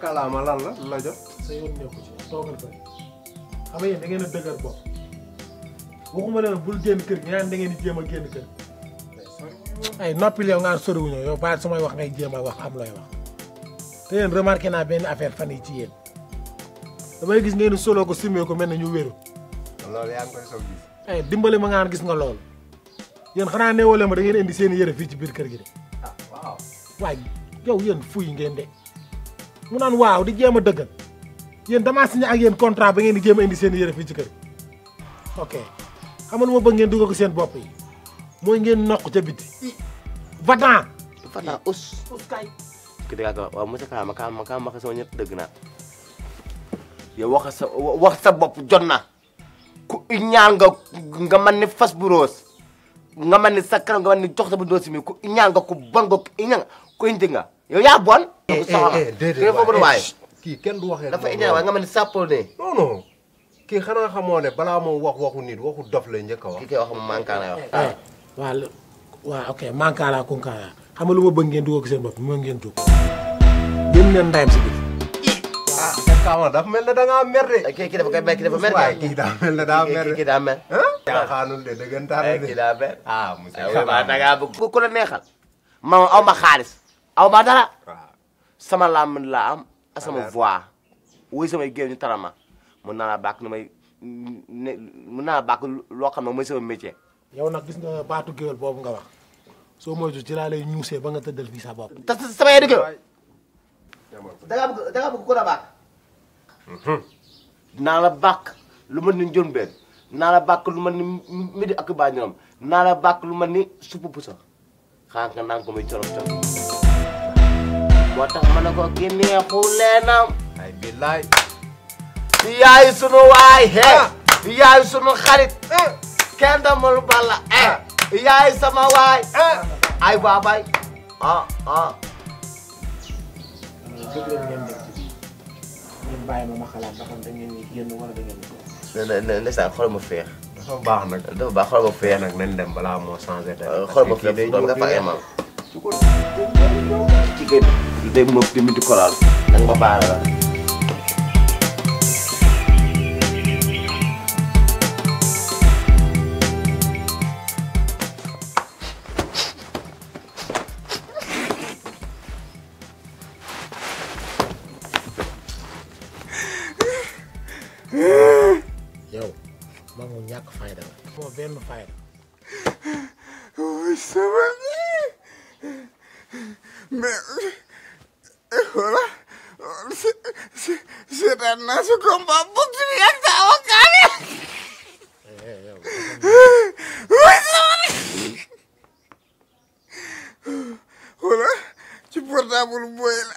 kala ma lan la la jox sa yoon nekku ci toogal fa xam ngeen da ngeen a dëgër bopp waxuma leen bul génn kër gi ñaan da ngeen di jéem a génn kër ay noppil yow ngaan sori wuñu yow baat sumay wax ngay jéem wax am looy wax te yéen remarqué naa benn affaire fan yi ci yéen damay gis ngeen solo ko simmee ko mel na ñu wéru loolu yaa ngi koy soog gis ay dimbali ma ngaan gis nga loolu yéen xanaa neewoo leen ma da ngeen indi seen yére fii ci biir kër gi gitu. de ah waaw waaye yow yéen fuy ngeen de mu naan waaw di jéem a dëggal yéen damaa signé ak yéen contrat ba ngeen di jéem a indi seen yére fii ci kër ok xam nga ba ngeen dugg ko seen bopp yi mooy ngeen noq ca biti. vatan. vatan us. us kay. ki dëgg ak waaw monsieur Ka ma Ka ma Ka ma wax sama dëgg naa yow wax sa wax sa bopp jot na ku ñaan nga nga man ni fas bu roos nga man ni sa kanam nga man ni jox sa bu doos mi ku ñaan nga ku bon nga ku ñaan ku indi nga. Ya ya bon. déedéet waay Kita kenn du Kita dafa indi waay nga mel ni sàppal ne. non non kii xanaa xamoo ne balaa moo wax waxu nit waxu dof la njëkk a wax. kii kay wax mu mankaala wax. waaw waaw ok mankaala kunkaala xam nga lu ma bëgg ngeen dugg ak seen bopp mu ngeen dugg. yéen leen ndayam si kita ah Ya dafa mel ne da ngaa mer de. kii dafa dafa mel ya eh, de de. ah monsieur. Eh, waaw da ngaa bëgg ku la neexal. ma aw ma aw dara sama lam lam am ak sama voix wuy samay géem ñu tarama ma mun naa laa bàkk nu may ne mun naa laa bàkk loo xam ne mooy sama métier. yow nag gis nga baatu géwél boobu nga wax soo moytu ci laa lay ñuusee ba nga tëddal fii sa bopp. te sama yéen a géwél dangaa bëgg dangaa bëgg ku la bàkk. Mhm. naa la bàkk lu ni la lu midi ak baa ñoom naa la bàkk lu ni pusa xanaa nga ko muy coro coro. moo tax ma ne ko ki neexu leena ay billaay yaay sunu waay he ah. yaay sunu xarit ah. kenn demul balla eh yaay sama waay ay baabay ah ah dëgg la ngeen dem ci ngeen bàyyi ma ma xalaat ba xam da ngeen ni génn wala da ngeen ni ndeysaan xool ma feex dafa baax nag dafa baax xool ma feex nag nañ dem balaa moo changé euh, xool ma feex nga fa emal jigéen day moom di mujj koraal danga ma baal la masuk rumah buk teriak sama kali. Hola, ci portavo un buon.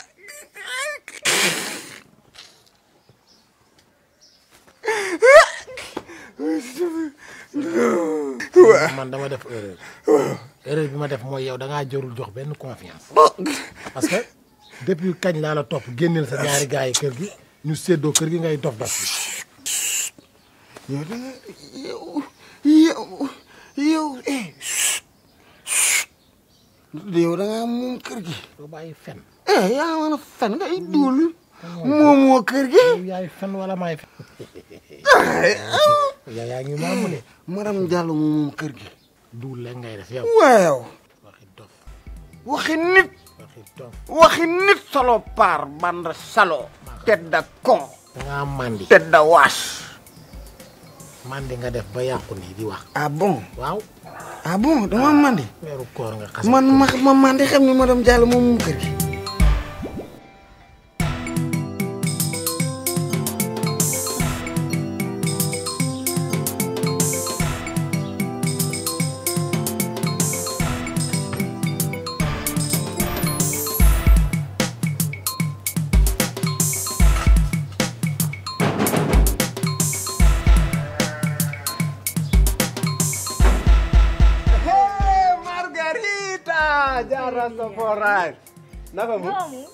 man dama def erreur erreur bi def mooy yow da ngaa jorul jox benn confiance parce que depuis kañ laa la topp génneel sa ñaari gars yi gi ñu séddoo kër gi ngay dof dof da nga yow yow yow eh yow da ngaa moom kër gi. doo bàyyi fen. eh hmm. kër gi. yaay fen wala fen. Eh, yaa yaa ngi maamu de. Eh, madame Diallo moomoo kër gi. duul la ngay def yow. waaw. waxi dof waxi nit. waxi nit salo paar salo tedda kon dangaa mandi tedda waas mandi nga def ba yàqu nii di wax ah bon waaw ah mandi weeru koor nga xas man ma mandi xam ni madame mu kër Alright. Naka mu?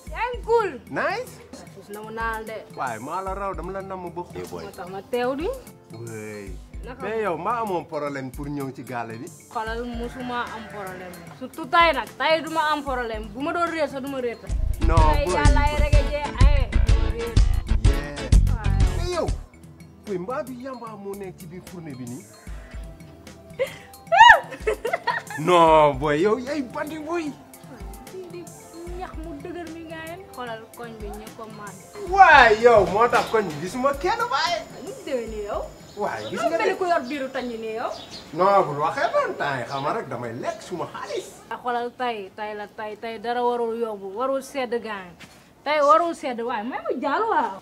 Yang cool. Nice. Sus na mo naal de. Why, maala raw dama la namu bokk. Ye boy. Matax nah, ma tew di. Wey. Mais yow ma amoon problème pour ñëw ci gaale bi. Xolal musuma am problème. Surtout tay nag tay duma am problème. no ma doon sa duma réer. No. boy. Yàlla ya ay rege je ay. Mais yow. Boy, mbaa du yamba moo no ci biir fourne bi nii. No boy, yo, ay bandi boy. xoolal koñ bi ñëpp a màgg. waaye yow moo tax koñ bi gisuma kenn waaye. nu mu déwénee ni yow. gis nga de ku yor biiru tañu ni yow. non bul waxee noonu temps yi rek damay lekk suma xaalis. a ah, xoolal tay tay la tay tay dara war yomb warul sedd gaañ tay warul sedd waaye may mu jàll waaw.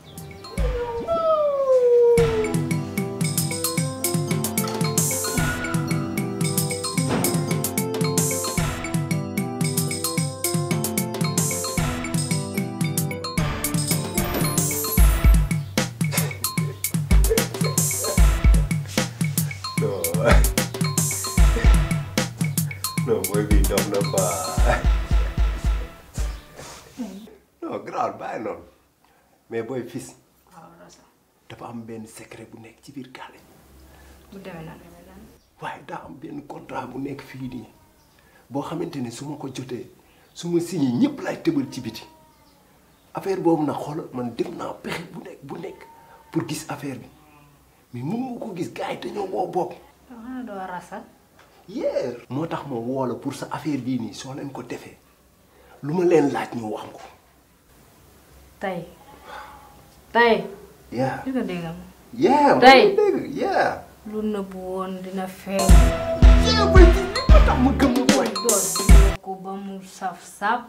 bàyyi loolu mais booy fils dafa am benn secret bu nekk ci biir gaale bu benn contrat bu nekk fii xamante ne su ma ko jotee su ma ñëpp laay tëbal ci biti affaire boobu nag xoolal man bu nekk pour gis affaire bi mais gis gars yi moo tax ma pour sa affaire bii nii soo leen ko defee lu ma leen laaj ñu wax ko. tey tey. lu nëbbu woon dina feeñ. yaa ba mu saf saf.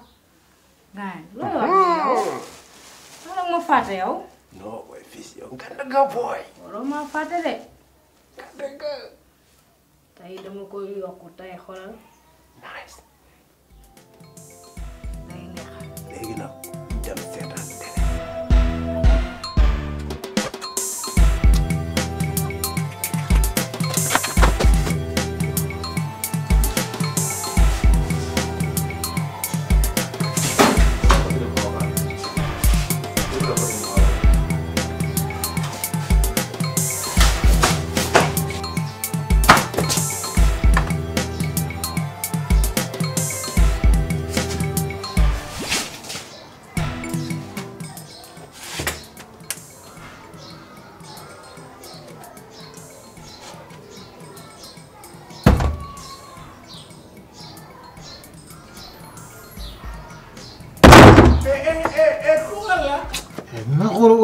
gaañ loolu wax yow. Mm. ma fàtte yow. non booy fils yow gànn nga booy. waroo ma fàtte de. gànn nga. tey dama koy yokk tey xoolal. nice. day neex. léegi nag.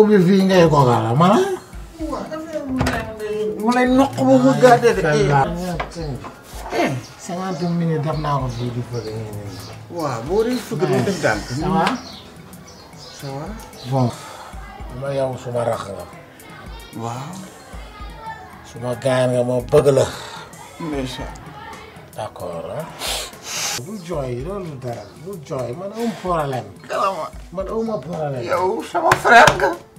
bi fii ngay ko gaala mana mu lay noq ba mu gàdde de eh. Ah, eh. Eh, cinquante minutes def naa ko fii di fële waaw boo dee fëgg doo def daal ça va ça va bon ma yow suma rax nga waaw suma gaan nga ma bëgg la d'accord bul ah. jooy loolu dara bul jooy man amul problème man amuma problème yow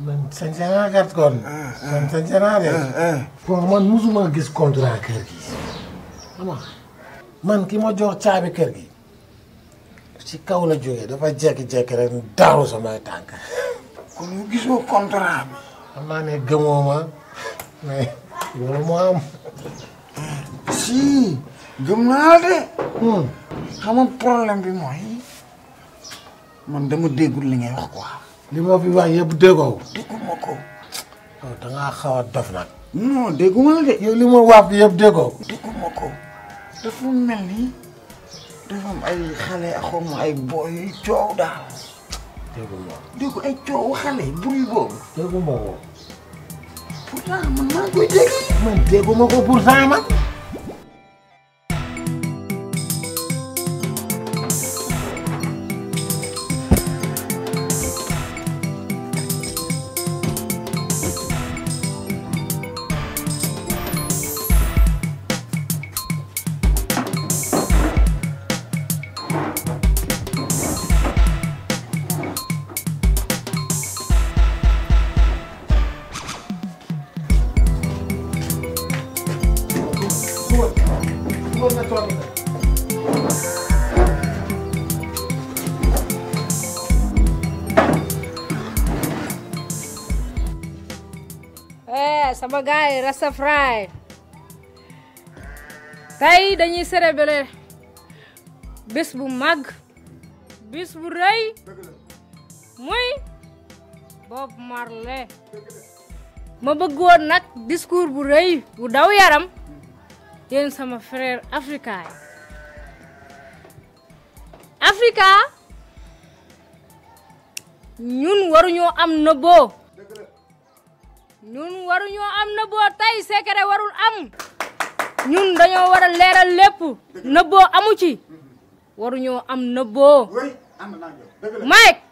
man sañ sa ah, ah. ah, kon. man sañ sa naa de. bon man gis contrat kër gi. man ki ma jox caabi kër gi. ci kaw la jógee dafa jékki-jékki rek daaru samay tànk. kon mu gisoo contrat bi. xam naa ne gëmoo ma mais loolu moo si gëm naa de. Hmm. xam nga problème bi mooy man dama déggul li ngay wax quoi. li fi wax yëpp déggoo. dégguma ko. da ngaa xaw a dof nag. non dégguma la de. yow li ma wax bi yëpp déggoo. eu ko dafa mel ni dafa am ay xale xaw ma ay booy yu coow daal. dégguma ko dégg ay coow xale bruit boobu. dégguma ko. pourtant man maa ngi koy man dégguma pourtant man. Eh, sama guy, rasa fry. Tay dañuy célébrer bés bu mag, bis bu reuy. Muy Bob Marley. Ma bëggoon nak discours bu reuy, bu daw yaram. yéen sama frère Africa yi Africa ñun waruñoo am nëbboo ñun waruñoo am na boo tay secret warul am ñun dañoo war a leeral lépp boo amu ci waruñoo am nëbboo Mike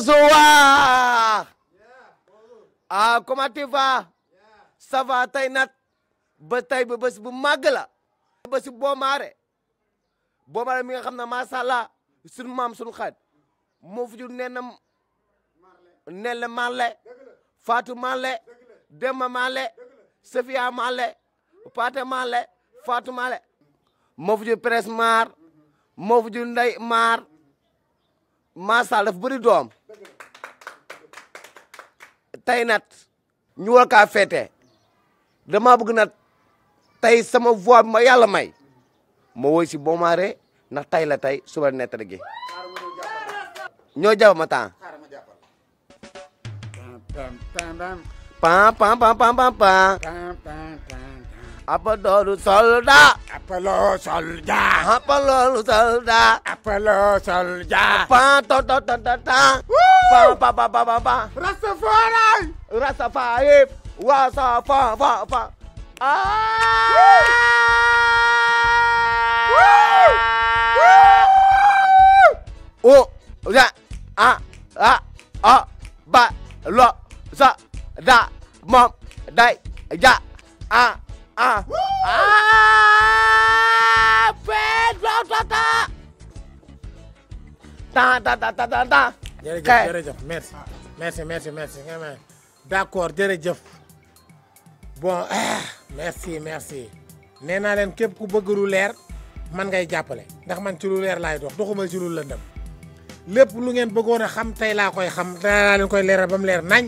Zoar ah comment tu vas ça va tey nat ba tey ba bés bu màgg la bés boomaare boomaare mi nga xam ne macha allah sunu maam sunu xarit moo fi jur nen na nen la Malle Fatou Malle Demba Malle Safia Malle Pate Malle Fatou Malle moo fi jur Prince Maar moo fi jur Maar macha allah dafa bëri doom tey nat ñu war kaa dama bëgg nat tey sama voix ma yàlla may ma woy si Bomaré ndax tey la tey suba nettre gi ñoo jàpp ma temps pam pam pam pam pam Apollo soldier. Apollo soldier. Apollo soldier. Apollo soldier. Pa ta ta ta ta ta. Pa pa pa pa pa pa. Rastafari. Rastafari. Wasa fa fa fa. Ah! Oh, ra a a a ba lo sa da mom dai ja a Ah. Ah. Ben, blok tata. Ah. Ta ta ta ta ta ta. Jërëjëf, jërëjëf. Merci. Merci, merci, merci. D'accord, jërëjëf. Bon, ah, merci, merci. Nee naa leen képp ku bëgg lu leer man ngay jàppale ndax man ci lu leer laay dox doxuma ci lu lëndëm lépp lu ngeen bëggoon a xam tey laa koy xam danaa leen koy leeral ba mu leer nañ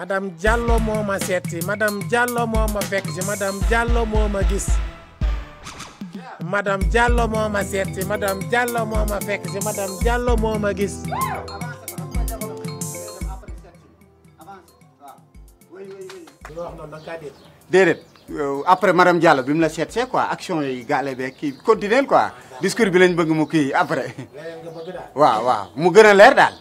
madame Diallo moo ma seeti madame Diallo moo ma fekk si madame Diallo moo ma gis madame Diallo moo ma seeti madame Diallo moo ma gis. déedéet euh, après madame Diallo bi mu la seet see quoi action yi gaale beeg kii continuer quoi discours bi lañ bëgg mu kii après waaw waaw mu gën a leer daal.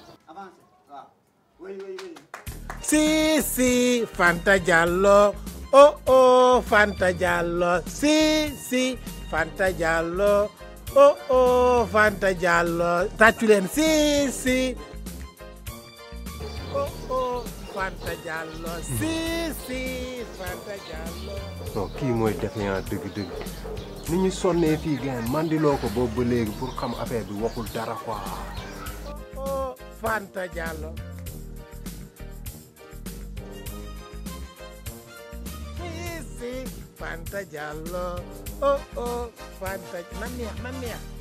si si Fanta Diallo oh oh Fanta Diallo si Fanta Diallo oh oh Fanta Diallo tàccu leen si si oh, oh, Fanta Diallo si Fanta Diallo. non kii mooy défiant dëgg-dëgg ni ñu sonnee fii gën eh. mandiloo ko boobu ba léegi pour xam affaire bi waxul dara quoi. Oh, Fanta Diallo. Fanta Giallo. Oh oh, Fanta. Ya, Mamma ya? mia,